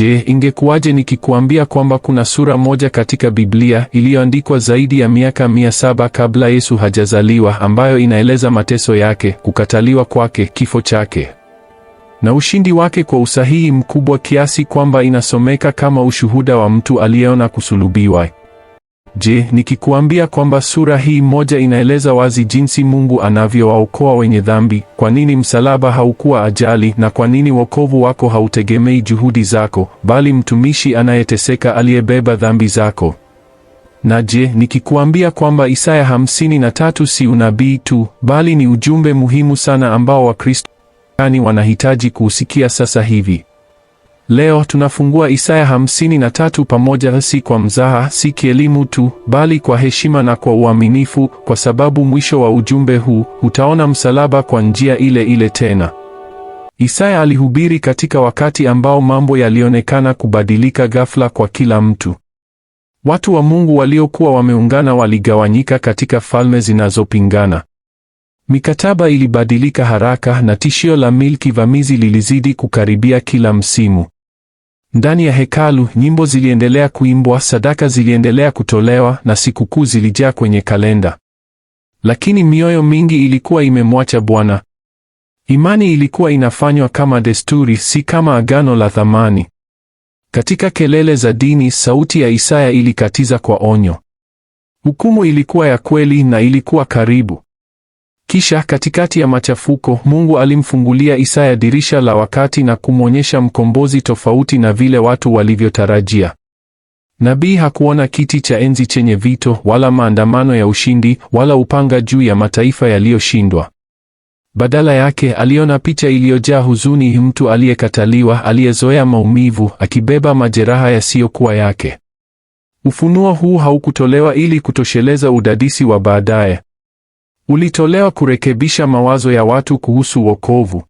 Je, ingekuwaje nikikuambia kwamba kuna sura moja katika Biblia iliyoandikwa zaidi ya miaka mia saba kabla Yesu hajazaliwa ambayo inaeleza mateso yake, kukataliwa kwake, kifo chake na ushindi wake kwa usahihi mkubwa kiasi kwamba inasomeka kama ushuhuda wa mtu aliyeona kusulubiwa? Je, nikikuambia kwamba sura hii moja inaeleza wazi jinsi Mungu anavyowaokoa wenye dhambi, kwa nini msalaba haukuwa ajali na kwa nini wokovu wako hautegemei juhudi zako, bali mtumishi anayeteseka aliyebeba dhambi zako? Na je, nikikuambia kwamba Isaya hamsini na tatu si unabii tu, bali ni ujumbe muhimu sana ambao Wakristo wanahitaji kuusikia sasa hivi. Leo tunafungua Isaya hamsini na tatu pamoja, si kwa mzaha, si kielimu tu, bali kwa heshima na kwa uaminifu, kwa sababu mwisho wa ujumbe huu utaona msalaba kwa njia ile ile tena. Isaya alihubiri katika wakati ambao mambo yalionekana kubadilika ghafla kwa kila mtu. Watu wa Mungu waliokuwa wameungana waligawanyika katika falme zinazopingana. Mikataba ilibadilika haraka na tishio la milki vamizi lilizidi kukaribia kila msimu. Ndani ya hekalu nyimbo ziliendelea kuimbwa, sadaka ziliendelea kutolewa na sikukuu zilijaa kwenye kalenda, lakini mioyo mingi ilikuwa imemwacha Bwana. Imani ilikuwa inafanywa kama desturi, si kama agano la thamani. Katika kelele za dini, sauti ya Isaya ilikatiza kwa onyo. Hukumu ilikuwa ya kweli na ilikuwa karibu. Kisha katikati ya machafuko, Mungu alimfungulia Isaya dirisha la wakati na kumwonyesha mkombozi tofauti na vile watu walivyotarajia. Nabii hakuona kiti cha enzi chenye vito wala maandamano ya ushindi wala upanga juu ya mataifa yaliyoshindwa. Badala yake aliona picha iliyojaa huzuni, mtu aliyekataliwa, aliyezoea maumivu, akibeba majeraha yasiyokuwa yake. Ufunuo huu haukutolewa ili kutosheleza udadisi wa baadaye ulitolewa kurekebisha mawazo ya watu kuhusu wokovu.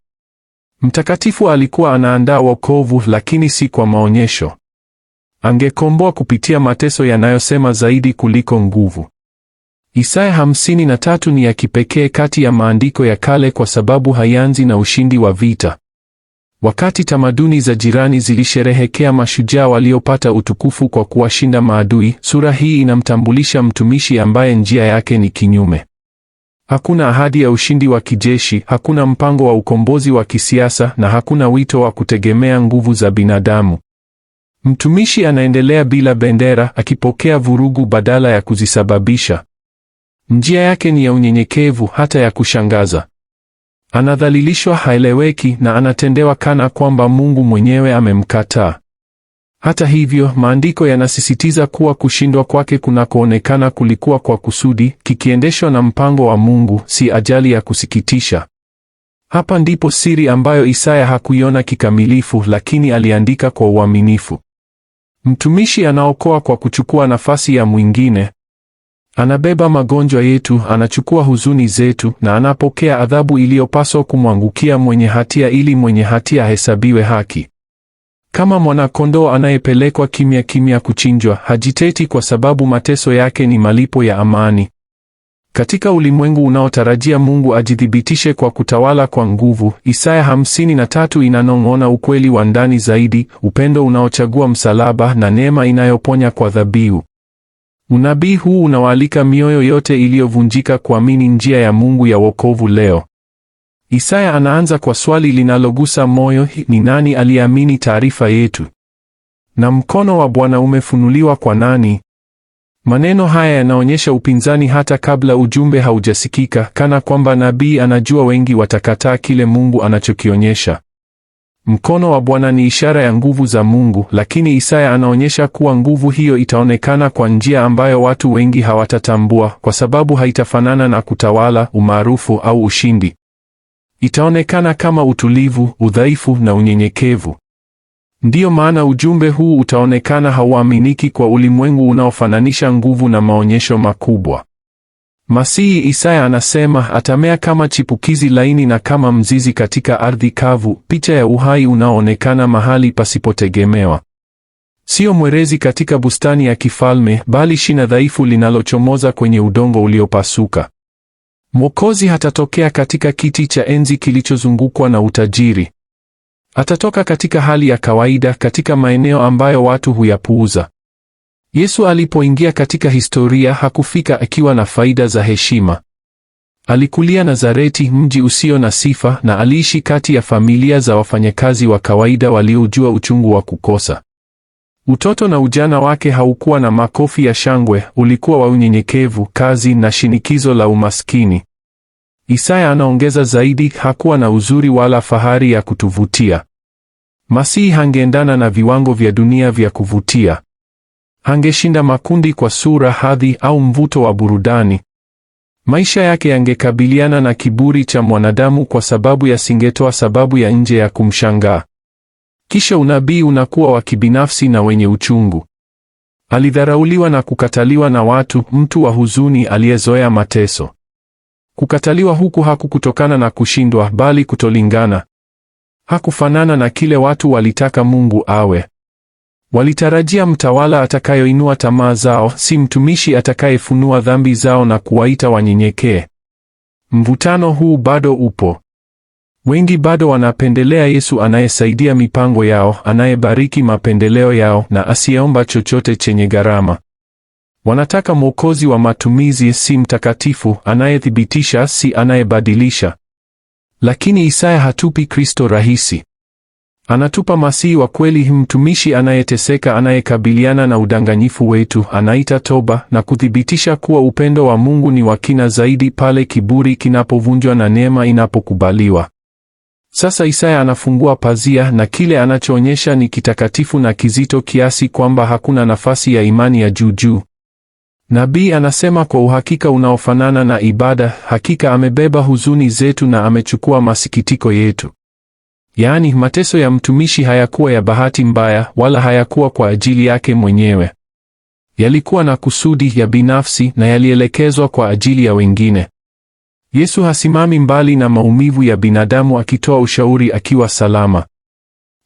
Mtakatifu alikuwa anaandaa wokovu, lakini si kwa maonyesho. Angekomboa kupitia mateso yanayosema zaidi kuliko nguvu. Isaya hamsini na tatu ni ya kipekee kati ya maandiko ya kale kwa sababu haianzi na ushindi wa vita. Wakati tamaduni za jirani zilisherehekea mashujaa waliopata utukufu kwa kuwashinda maadui, sura hii inamtambulisha mtumishi ambaye njia yake ni kinyume. Hakuna ahadi ya ushindi wa kijeshi, hakuna mpango wa ukombozi wa kisiasa na hakuna wito wa kutegemea nguvu za binadamu. Mtumishi anaendelea bila bendera, akipokea vurugu badala ya kuzisababisha. Njia yake ni ya unyenyekevu, hata ya kushangaza. Anadhalilishwa, haeleweki na anatendewa kana kwamba Mungu mwenyewe amemkataa. Hata hivyo, maandiko yanasisitiza kuwa kushindwa kwake kunakoonekana kulikuwa kwa kusudi, kikiendeshwa na mpango wa Mungu, si ajali ya kusikitisha. Hapa ndipo siri ambayo Isaya hakuiona kikamilifu, lakini aliandika kwa uaminifu. Mtumishi anaokoa kwa kuchukua nafasi ya mwingine. Anabeba magonjwa yetu, anachukua huzuni zetu, na anapokea adhabu iliyopaswa kumwangukia mwenye hatia ili mwenye hatia ahesabiwe haki. Kama mwanakondoo anayepelekwa kimya kimya kuchinjwa, hajiteti kwa sababu mateso yake ni malipo ya amani. Katika ulimwengu unaotarajia Mungu ajithibitishe kwa kutawala kwa nguvu, Isaya 53 inanong'ona ukweli wa ndani zaidi, upendo unaochagua msalaba na neema inayoponya kwa dhabihu. Unabii huu unawaalika mioyo yote iliyovunjika kuamini njia ya Mungu ya wokovu leo. Isaya anaanza kwa swali linalogusa moyo, ni nani aliamini taarifa yetu? Na mkono wa Bwana umefunuliwa kwa nani? Maneno haya yanaonyesha upinzani hata kabla ujumbe haujasikika, kana kwamba nabii anajua wengi watakataa kile Mungu anachokionyesha. Mkono wa Bwana ni ishara ya nguvu za Mungu, lakini Isaya anaonyesha kuwa nguvu hiyo itaonekana kwa njia ambayo watu wengi hawatatambua, kwa sababu haitafanana na kutawala, umaarufu au ushindi itaonekana kama utulivu, udhaifu na unyenyekevu. Ndiyo maana ujumbe huu utaonekana hauaminiki kwa ulimwengu unaofananisha nguvu na maonyesho makubwa. Masihi Isaya anasema atamea kama chipukizi laini na kama mzizi katika ardhi kavu, picha ya uhai unaoonekana mahali pasipotegemewa. Sio mwerezi katika bustani ya kifalme, bali shina dhaifu linalochomoza kwenye udongo uliopasuka. Mwokozi hatatokea katika kiti cha enzi kilichozungukwa na utajiri. Atatoka katika hali ya kawaida, katika maeneo ambayo watu huyapuuza. Yesu alipoingia katika historia hakufika akiwa na faida za heshima. Alikulia Nazareti, mji usio na sifa, na aliishi kati ya familia za wafanyakazi wa kawaida waliojua uchungu wa kukosa. Utoto na ujana wake haukuwa na makofi ya shangwe, ulikuwa wa unyenyekevu, kazi na shinikizo la umaskini. Isaya anaongeza zaidi, hakuwa na uzuri wala fahari ya kutuvutia. Masihi hangeendana na viwango vya dunia vya kuvutia. Hangeshinda makundi kwa sura, hadhi au mvuto wa burudani. Maisha yake yangekabiliana na kiburi cha mwanadamu kwa sababu yasingetoa sababu ya nje ya kumshangaa. Kisha unabii unakuwa wa kibinafsi na wenye uchungu. Alidharauliwa na kukataliwa na watu, mtu wa huzuni aliyezoea mateso. Kukataliwa huku hakukutokana na kushindwa, bali kutolingana. Hakufanana na kile watu walitaka Mungu awe. Walitarajia mtawala atakayoinua tamaa zao, si mtumishi atakayefunua dhambi zao na kuwaita wanyenyekee. Mvutano huu bado upo. Wengi bado wanapendelea Yesu anayesaidia mipango yao, anayebariki mapendeleo yao na asiyeomba chochote chenye gharama. Wanataka mwokozi wa matumizi, si mtakatifu, anayethibitisha, si anayebadilisha. Lakini Isaya hatupi Kristo rahisi. Anatupa Masihi wa kweli, mtumishi anayeteseka, anayekabiliana na udanganyifu wetu, anaita toba na kuthibitisha kuwa upendo wa Mungu ni wa kina zaidi pale kiburi kinapovunjwa na neema inapokubaliwa. Sasa Isaya anafungua pazia na kile anachoonyesha ni kitakatifu na kizito kiasi kwamba hakuna nafasi ya imani ya juu juu. Nabii anasema kwa uhakika unaofanana na ibada, hakika amebeba huzuni zetu na amechukua masikitiko yetu. Yaani, mateso ya mtumishi hayakuwa ya bahati mbaya, wala hayakuwa kwa ajili yake mwenyewe. Yalikuwa na kusudi ya binafsi na yalielekezwa kwa ajili ya wengine. Yesu hasimami mbali na maumivu ya binadamu akitoa ushauri akiwa salama.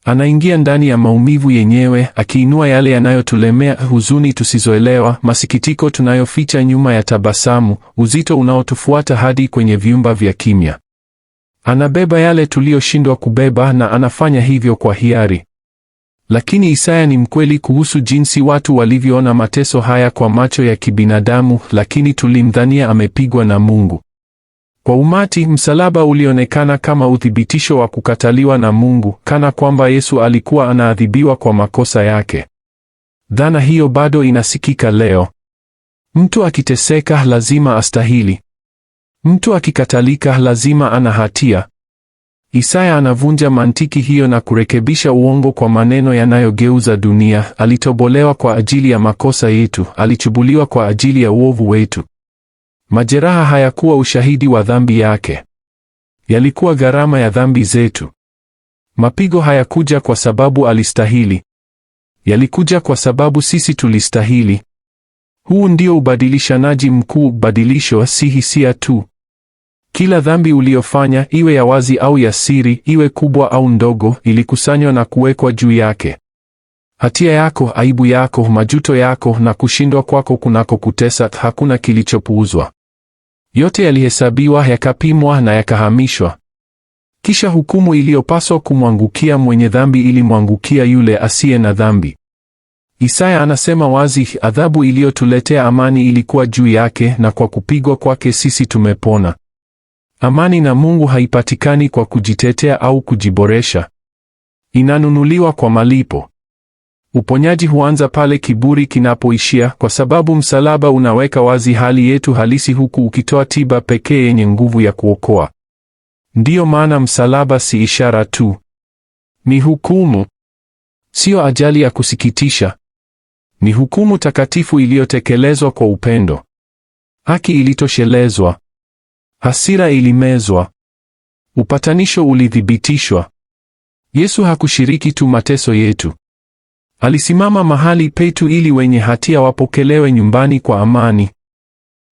Anaingia ndani ya maumivu yenyewe akiinua yale yanayotulemea, huzuni tusizoelewa, masikitiko tunayoficha nyuma ya tabasamu, uzito unaotufuata hadi kwenye vyumba vya kimya. Anabeba yale tuliyoshindwa kubeba na anafanya hivyo kwa hiari. Lakini Isaya ni mkweli kuhusu jinsi watu walivyoona mateso haya kwa macho ya kibinadamu, lakini tulimdhania amepigwa na Mungu. Kwa umati, msalaba ulionekana kama uthibitisho wa kukataliwa na Mungu, kana kwamba Yesu alikuwa anaadhibiwa kwa makosa yake. Dhana hiyo bado inasikika leo. Mtu akiteseka lazima astahili. Mtu akikatalika lazima ana hatia. Isaya anavunja mantiki hiyo na kurekebisha uongo kwa maneno yanayogeuza dunia. Alitobolewa kwa ajili ya makosa yetu, alichubuliwa kwa ajili ya uovu wetu. Majeraha hayakuwa ushahidi wa dhambi yake, yalikuwa gharama ya dhambi zetu. Mapigo hayakuja kwa sababu alistahili, yalikuja kwa sababu sisi tulistahili. Huu ndio ubadilishanaji mkuu, badilisho si hisia tu. Kila dhambi uliyofanya, iwe ya wazi au ya siri, iwe kubwa au ndogo, ilikusanywa na kuwekwa juu yake. Hatia yako, aibu yako, majuto yako na kushindwa kwako kunakokutesa, hakuna kilichopuuzwa. Yote yalihesabiwa, yakapimwa na yakahamishwa. Kisha hukumu iliyopaswa kumwangukia mwenye dhambi ilimwangukia yule asiye na dhambi. Isaya anasema wazi, adhabu iliyotuletea amani ilikuwa juu yake, na kwa kupigwa kwake sisi tumepona. Amani na Mungu haipatikani kwa kujitetea au kujiboresha. Inanunuliwa kwa malipo. Uponyaji huanza pale kiburi kinapoishia, kwa sababu msalaba unaweka wazi hali yetu halisi, huku ukitoa tiba pekee yenye nguvu ya kuokoa. Ndiyo maana msalaba si ishara tu, ni hukumu. Siyo ajali ya kusikitisha, ni hukumu takatifu iliyotekelezwa kwa upendo. Haki ilitoshelezwa, hasira ilimezwa, upatanisho ulithibitishwa. Yesu hakushiriki tu mateso yetu Alisimama mahali petu ili wenye hatia wapokelewe nyumbani kwa amani.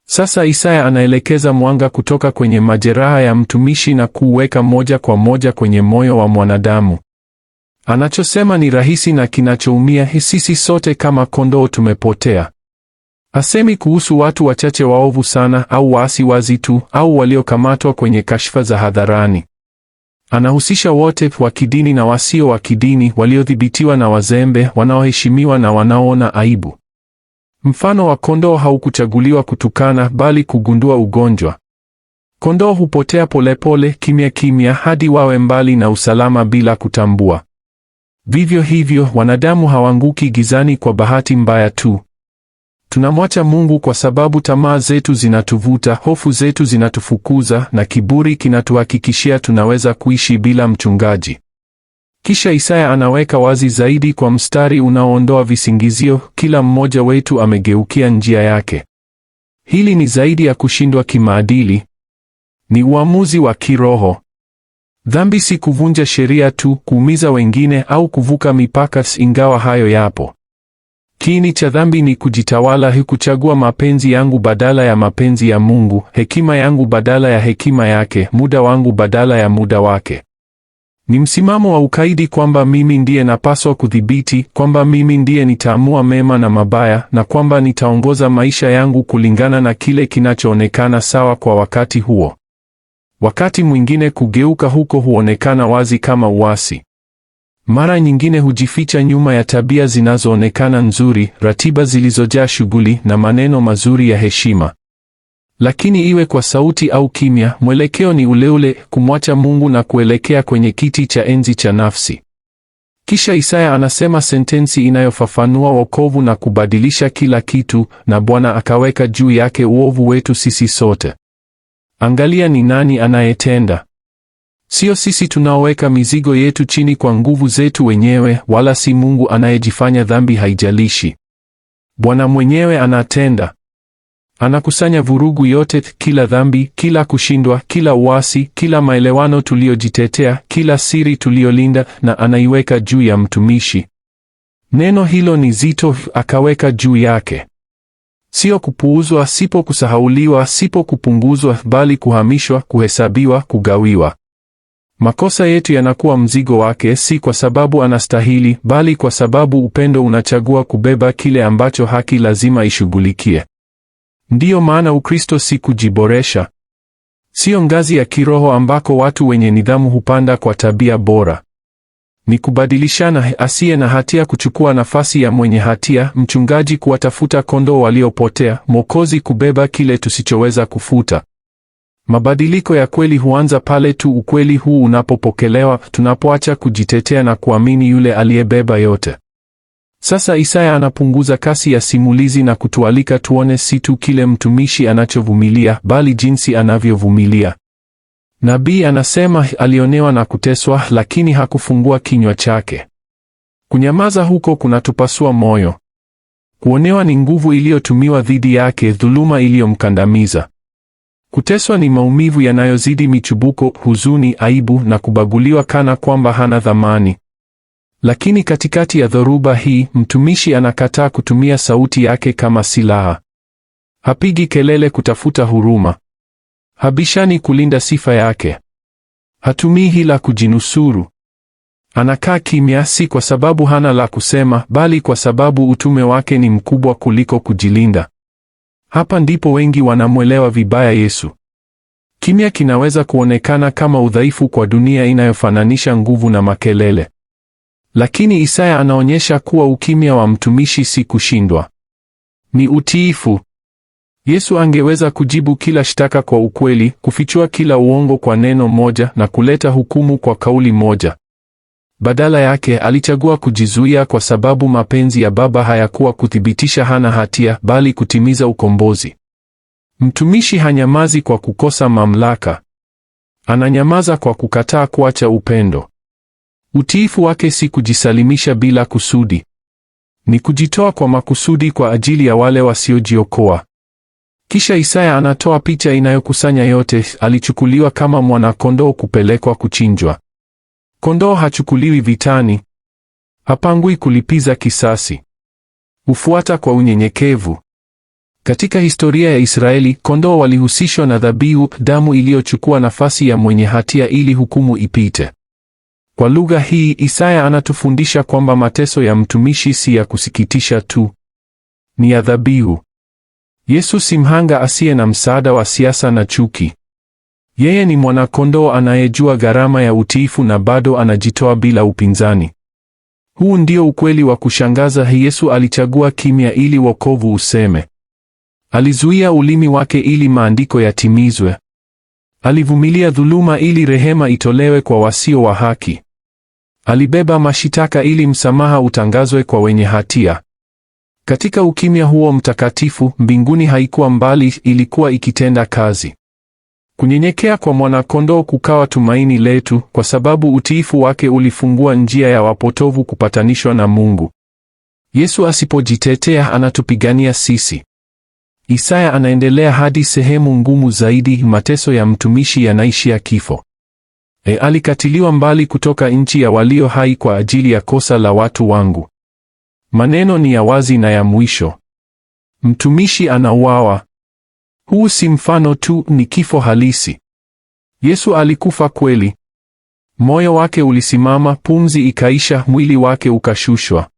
Sasa Isaya anaelekeza mwanga kutoka kwenye majeraha ya mtumishi na kuuweka moja kwa moja kwenye moyo wa mwanadamu. Anachosema ni rahisi na kinachoumia sisi sote kama kondoo tumepotea. asemi kuhusu watu wachache waovu sana au waasi wazi tu au waliokamatwa kwenye kashfa za hadharani. Anahusisha wote wa kidini na wasio wa kidini, waliodhibitiwa na wazembe, wanaoheshimiwa na wanaoona aibu. Mfano wa kondoo haukuchaguliwa kutukana, bali kugundua ugonjwa. Kondoo hupotea polepole, kimya kimya, hadi wawe mbali na usalama bila kutambua. Vivyo hivyo, wanadamu hawaanguki gizani kwa bahati mbaya tu. Tunamwacha Mungu kwa sababu tamaa zetu zinatuvuta, hofu zetu zinatufukuza, na kiburi kinatuhakikishia tunaweza kuishi bila mchungaji. Kisha Isaya anaweka wazi zaidi kwa mstari unaoondoa visingizio: kila mmoja wetu amegeukia njia yake. Hili ni zaidi ya kushindwa kimaadili, ni uamuzi wa kiroho. Dhambi si kuvunja sheria tu, kuumiza wengine au kuvuka mipaka, ingawa hayo yapo. Kiini cha dhambi ni kujitawala, hikuchagua mapenzi yangu badala ya mapenzi ya Mungu, hekima yangu badala ya hekima yake, muda wangu badala ya muda wake. Ni msimamo wa ukaidi kwamba mimi ndiye napaswa kudhibiti, kwamba mimi ndiye nitaamua mema na mabaya, na kwamba nitaongoza maisha yangu kulingana na kile kinachoonekana sawa kwa wakati huo. Wakati mwingine kugeuka huko huonekana wazi kama uasi. Mara nyingine hujificha nyuma ya tabia zinazoonekana nzuri, ratiba zilizojaa shughuli na maneno mazuri ya heshima. Lakini iwe kwa sauti au kimya, mwelekeo ni ule ule, kumwacha Mungu na kuelekea kwenye kiti cha enzi cha nafsi. Kisha Isaya anasema sentensi inayofafanua wokovu na kubadilisha kila kitu, na Bwana akaweka juu yake uovu wetu sisi sote. Angalia ni nani anayetenda. Sio sisi tunaoweka mizigo yetu chini kwa nguvu zetu wenyewe, wala si Mungu anayejifanya dhambi. Haijalishi, Bwana mwenyewe anatenda. Anakusanya vurugu yote, kila dhambi, kila kushindwa, kila uasi, kila maelewano tuliyojitetea, kila siri tuliyolinda, na anaiweka juu ya mtumishi. Neno hilo ni zito, akaweka juu yake Sio kupuuzwa, sipo kusahauliwa, sipo kupunguzwa, bali kuhamishwa, kuhesabiwa, kugawiwa. Makosa yetu yanakuwa mzigo wake, si kwa sababu anastahili, bali kwa sababu upendo unachagua kubeba kile ambacho haki lazima ishughulikie. Ndiyo maana Ukristo si kujiboresha, siyo ngazi ya kiroho ambako watu wenye nidhamu hupanda kwa tabia bora. Ni kubadilishana, asiye na hatia kuchukua nafasi ya mwenye hatia, mchungaji kuwatafuta kondoo waliopotea, Mwokozi kubeba kile tusichoweza kufuta. Mabadiliko ya kweli huanza pale tu ukweli huu unapopokelewa, tunapoacha kujitetea na kuamini yule aliyebeba yote. Sasa Isaya anapunguza kasi ya simulizi na kutualika tuone si tu kile mtumishi anachovumilia, bali jinsi anavyovumilia. Nabii anasema alionewa na kuteswa, lakini hakufungua kinywa chake. Kunyamaza huko kunatupasua moyo. Kuonewa ni nguvu iliyotumiwa dhidi yake, dhuluma iliyomkandamiza. Kuteswa ni maumivu yanayozidi michubuko, huzuni, aibu na kubaguliwa kana kwamba hana thamani. Lakini katikati ya dhoruba hii, mtumishi anakataa kutumia sauti yake kama silaha. Hapigi kelele kutafuta huruma. Habishani kulinda sifa yake. Hatumii hila kujinusuru. Anakaa kimya, si kwa sababu hana la kusema, bali kwa sababu utume wake ni mkubwa kuliko kujilinda. Hapa ndipo wengi wanamwelewa vibaya Yesu. Kimya kinaweza kuonekana kama udhaifu kwa dunia inayofananisha nguvu na makelele. Lakini Isaya anaonyesha kuwa ukimya wa mtumishi si kushindwa, ni utiifu. Yesu angeweza kujibu kila shtaka kwa ukweli, kufichua kila uongo kwa neno moja na kuleta hukumu kwa kauli moja. Badala yake alichagua kujizuia kwa sababu mapenzi ya Baba hayakuwa kuthibitisha hana hatia, bali kutimiza ukombozi. Mtumishi hanyamazi kwa kukosa mamlaka, ananyamaza kwa kukataa kuacha upendo. Utiifu wake si kujisalimisha bila kusudi, ni kujitoa kwa makusudi kwa ajili ya wale wasiojiokoa. Kisha Isaya anatoa picha inayokusanya yote: alichukuliwa kama mwanakondoo kupelekwa kuchinjwa. Kondoo hachukuliwi vitani, hapangwi kulipiza kisasi, hufuata kwa unyenyekevu. Katika historia ya Israeli, kondoo walihusishwa na dhabihu, damu iliyochukua nafasi ya mwenye hatia ili hukumu ipite. Kwa lugha hii, Isaya anatufundisha kwamba mateso ya mtumishi si ya kusikitisha tu, ni ya dhabihu. Yesu si mhanga asiye na msaada wa siasa na chuki. Yeye ni mwanakondoo anayejua gharama ya utiifu na bado anajitoa bila upinzani. Huu ndio ukweli wa kushangaza. Yesu alichagua kimya ili wokovu useme. Alizuia ulimi wake ili maandiko yatimizwe. Alivumilia dhuluma ili rehema itolewe kwa wasio wa haki. Alibeba mashitaka ili msamaha utangazwe kwa wenye hatia. Katika ukimya huo mtakatifu, mbinguni haikuwa mbali, ilikuwa ikitenda kazi. Kunyenyekea kwa mwanakondoo kukawa tumaini letu, kwa sababu utiifu wake ulifungua njia ya wapotovu kupatanishwa na Mungu. Yesu asipojitetea anatupigania sisi. Isaya anaendelea hadi sehemu ngumu zaidi, mateso ya mtumishi yanaishia kifo. E, alikatiliwa mbali kutoka nchi ya walio hai kwa ajili ya kosa la watu wangu. Maneno ni ya wazi na ya mwisho. Mtumishi anauawa. Huu si mfano tu, ni kifo halisi. Yesu alikufa kweli. Moyo wake ulisimama, pumzi ikaisha, mwili wake ukashushwa.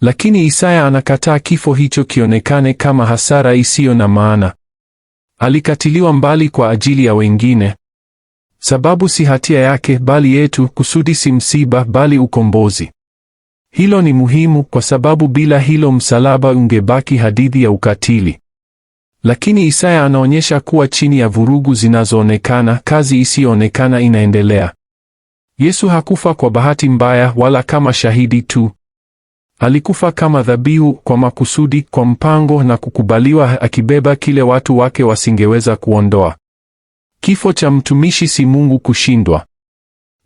Lakini Isaya anakataa kifo hicho kionekane kama hasara isiyo na maana. Alikatiliwa mbali kwa ajili ya wengine. Sababu si hatia yake bali yetu, kusudi si msiba bali ukombozi. Hilo ni muhimu kwa sababu bila hilo msalaba ungebaki hadithi ya ukatili. Lakini Isaya anaonyesha kuwa chini ya vurugu zinazoonekana, kazi isiyoonekana inaendelea. Yesu hakufa kwa bahati mbaya wala kama shahidi tu. Alikufa kama dhabihu kwa makusudi, kwa mpango na kukubaliwa, akibeba kile watu wake wasingeweza kuondoa. Kifo cha mtumishi si Mungu kushindwa.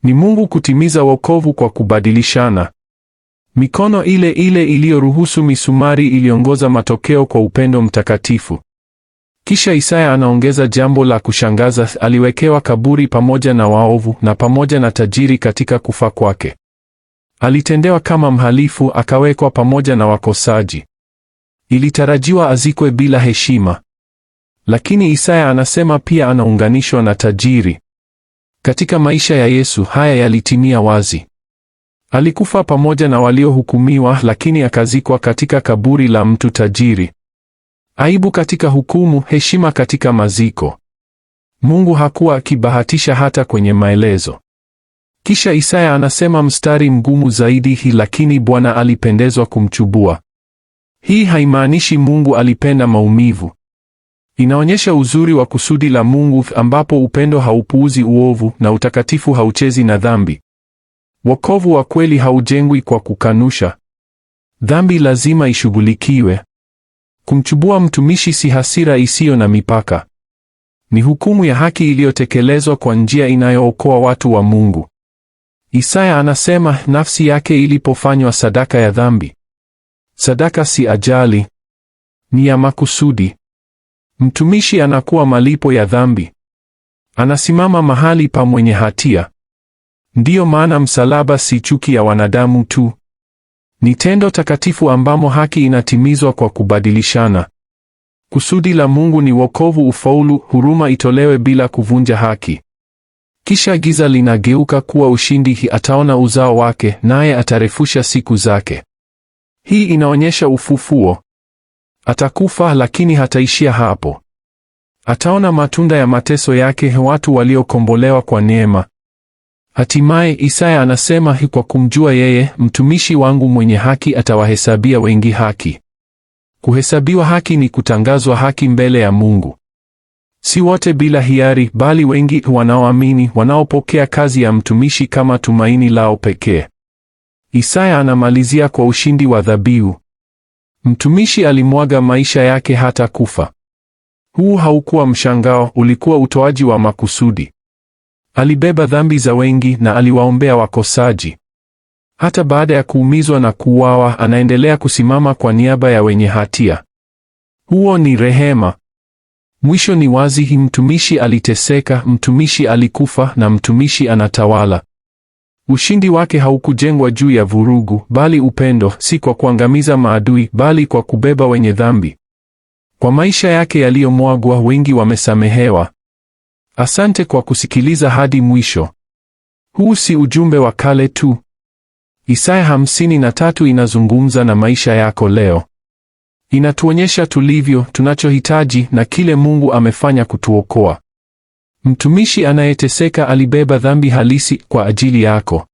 Ni Mungu kutimiza wokovu kwa kubadilishana. Mikono ile ile iliyoruhusu misumari iliongoza matokeo kwa upendo mtakatifu. Kisha Isaya anaongeza jambo la kushangaza: aliwekewa kaburi pamoja na waovu na pamoja na tajiri katika kufa kwake. Alitendewa kama mhalifu, akawekwa pamoja na wakosaji. Ilitarajiwa azikwe bila heshima, lakini Isaya anasema pia anaunganishwa na tajiri. Katika maisha ya Yesu haya yalitimia wazi. Alikufa pamoja na waliohukumiwa, lakini akazikwa katika kaburi la mtu tajiri aibu katika hukumu, heshima katika maziko. Mungu hakuwa akibahatisha hata kwenye maelezo. Kisha Isaya anasema mstari mgumu zaidi hii, lakini Bwana alipendezwa kumchubua. Hii haimaanishi Mungu alipenda maumivu. Inaonyesha uzuri wa kusudi la Mungu ambapo upendo haupuuzi uovu na utakatifu hauchezi na dhambi. Wokovu wa kweli haujengwi kwa kukanusha. Dhambi lazima ishughulikiwe. Kumchubua mtumishi si hasira isiyo na mipaka. Ni hukumu ya haki iliyotekelezwa kwa njia inayookoa watu wa Mungu. Isaya anasema nafsi yake ilipofanywa sadaka ya dhambi. Sadaka si ajali, ni ya makusudi. Mtumishi anakuwa malipo ya dhambi. Anasimama mahali pa mwenye hatia. Ndiyo maana msalaba si chuki ya wanadamu tu, ni tendo takatifu ambamo haki inatimizwa kwa kubadilishana. Kusudi la Mungu ni wokovu, ufaulu, huruma itolewe bila kuvunja haki. Kisha giza linageuka kuwa ushindi, ataona uzao wake, naye atarefusha siku zake. Hii inaonyesha ufufuo. Atakufa lakini hataishia hapo. Ataona matunda ya mateso yake, watu waliokombolewa kwa neema. Hatimaye Isaya anasema kwa kumjua yeye, mtumishi wangu mwenye haki atawahesabia wengi haki. Kuhesabiwa haki ni kutangazwa haki mbele ya Mungu. Si wote bila hiari, bali wengi wanaoamini, wanaopokea kazi ya mtumishi kama tumaini lao pekee. Isaya anamalizia kwa ushindi wa dhabihu. Mtumishi alimwaga maisha yake hata kufa. Huu haukuwa mshangao, ulikuwa utoaji wa makusudi. Alibeba dhambi za wengi na aliwaombea wakosaji. Hata baada ya kuumizwa na kuuawa, anaendelea kusimama kwa niaba ya wenye hatia. Huo ni rehema. Mwisho ni wazi, mtumishi aliteseka, mtumishi alikufa na mtumishi anatawala. Ushindi wake haukujengwa juu ya vurugu, bali upendo, si kwa kuangamiza maadui, bali kwa kubeba wenye dhambi. Kwa maisha yake yaliyomwagwa, wengi wamesamehewa. Asante kwa kusikiliza hadi mwisho. Huu si ujumbe wa kale tu. Isaya hamsini na tatu inazungumza na maisha yako leo. Inatuonyesha tulivyo, tunachohitaji na kile Mungu amefanya kutuokoa. Mtumishi anayeteseka alibeba dhambi halisi kwa ajili yako.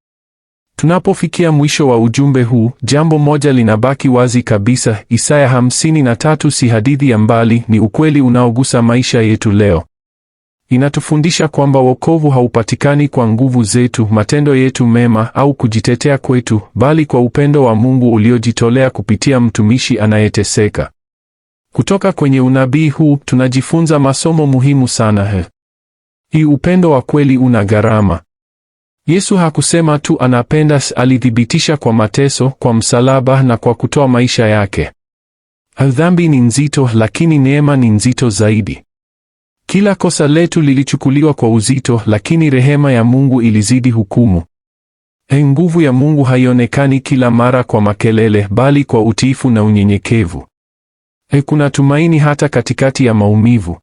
Tunapofikia mwisho wa ujumbe huu, jambo moja linabaki wazi kabisa: Isaya hamsini na tatu si hadithi ya mbali, ni ukweli unaogusa maisha yetu leo. Inatufundisha kwamba wokovu haupatikani kwa nguvu zetu, matendo yetu mema au kujitetea kwetu, bali kwa upendo wa Mungu uliojitolea kupitia mtumishi anayeteseka. Kutoka kwenye unabii huu tunajifunza masomo muhimu sana. He, hii upendo wa kweli una gharama. Yesu hakusema tu anapenda, alithibitisha kwa mateso, kwa msalaba na kwa kutoa maisha yake. Dhambi ni nzito, lakini neema ni nzito zaidi. Kila kosa letu lilichukuliwa kwa uzito, lakini rehema ya Mungu ilizidi hukumu. E, nguvu ya Mungu haionekani kila mara kwa makelele, bali kwa utiifu na unyenyekevu. E, kuna tumaini hata katikati ya maumivu.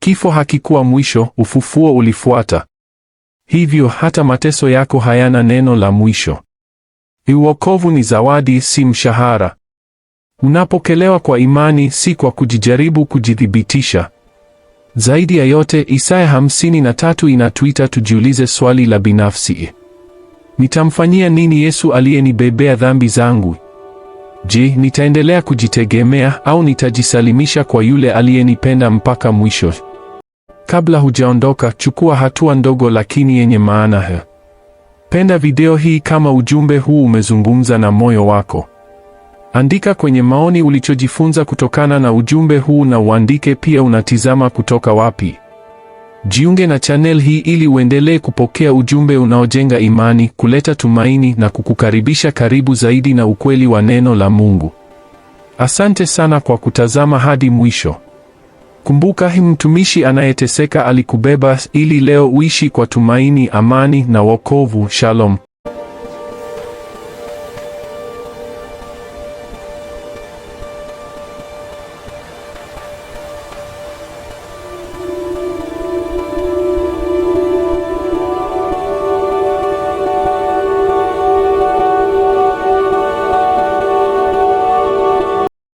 Kifo hakikuwa mwisho, ufufuo ulifuata. Hivyo hata mateso yako hayana neno la mwisho. Uokovu e, ni zawadi, si mshahara. Unapokelewa kwa imani, si kwa kujijaribu kujithibitisha. Zaidi ya yote, Isaya hamsini na tatu inatuita tujiulize swali la binafsi: e, nitamfanyia nini Yesu aliyenibebea dhambi zangu? Je, nitaendelea kujitegemea au nitajisalimisha kwa yule aliyenipenda mpaka mwisho? Kabla hujaondoka, chukua hatua ndogo lakini yenye maana. Penda video hii kama ujumbe huu umezungumza na moyo wako. Andika kwenye maoni ulichojifunza kutokana na ujumbe huu na uandike pia unatizama kutoka wapi. Jiunge na channel hii ili uendelee kupokea ujumbe unaojenga imani, kuleta tumaini na kukukaribisha karibu zaidi na ukweli wa neno la Mungu. Asante sana kwa kutazama hadi mwisho. Kumbuka, mtumishi anayeteseka alikubeba ili leo uishi kwa tumaini, amani na wokovu. Shalom.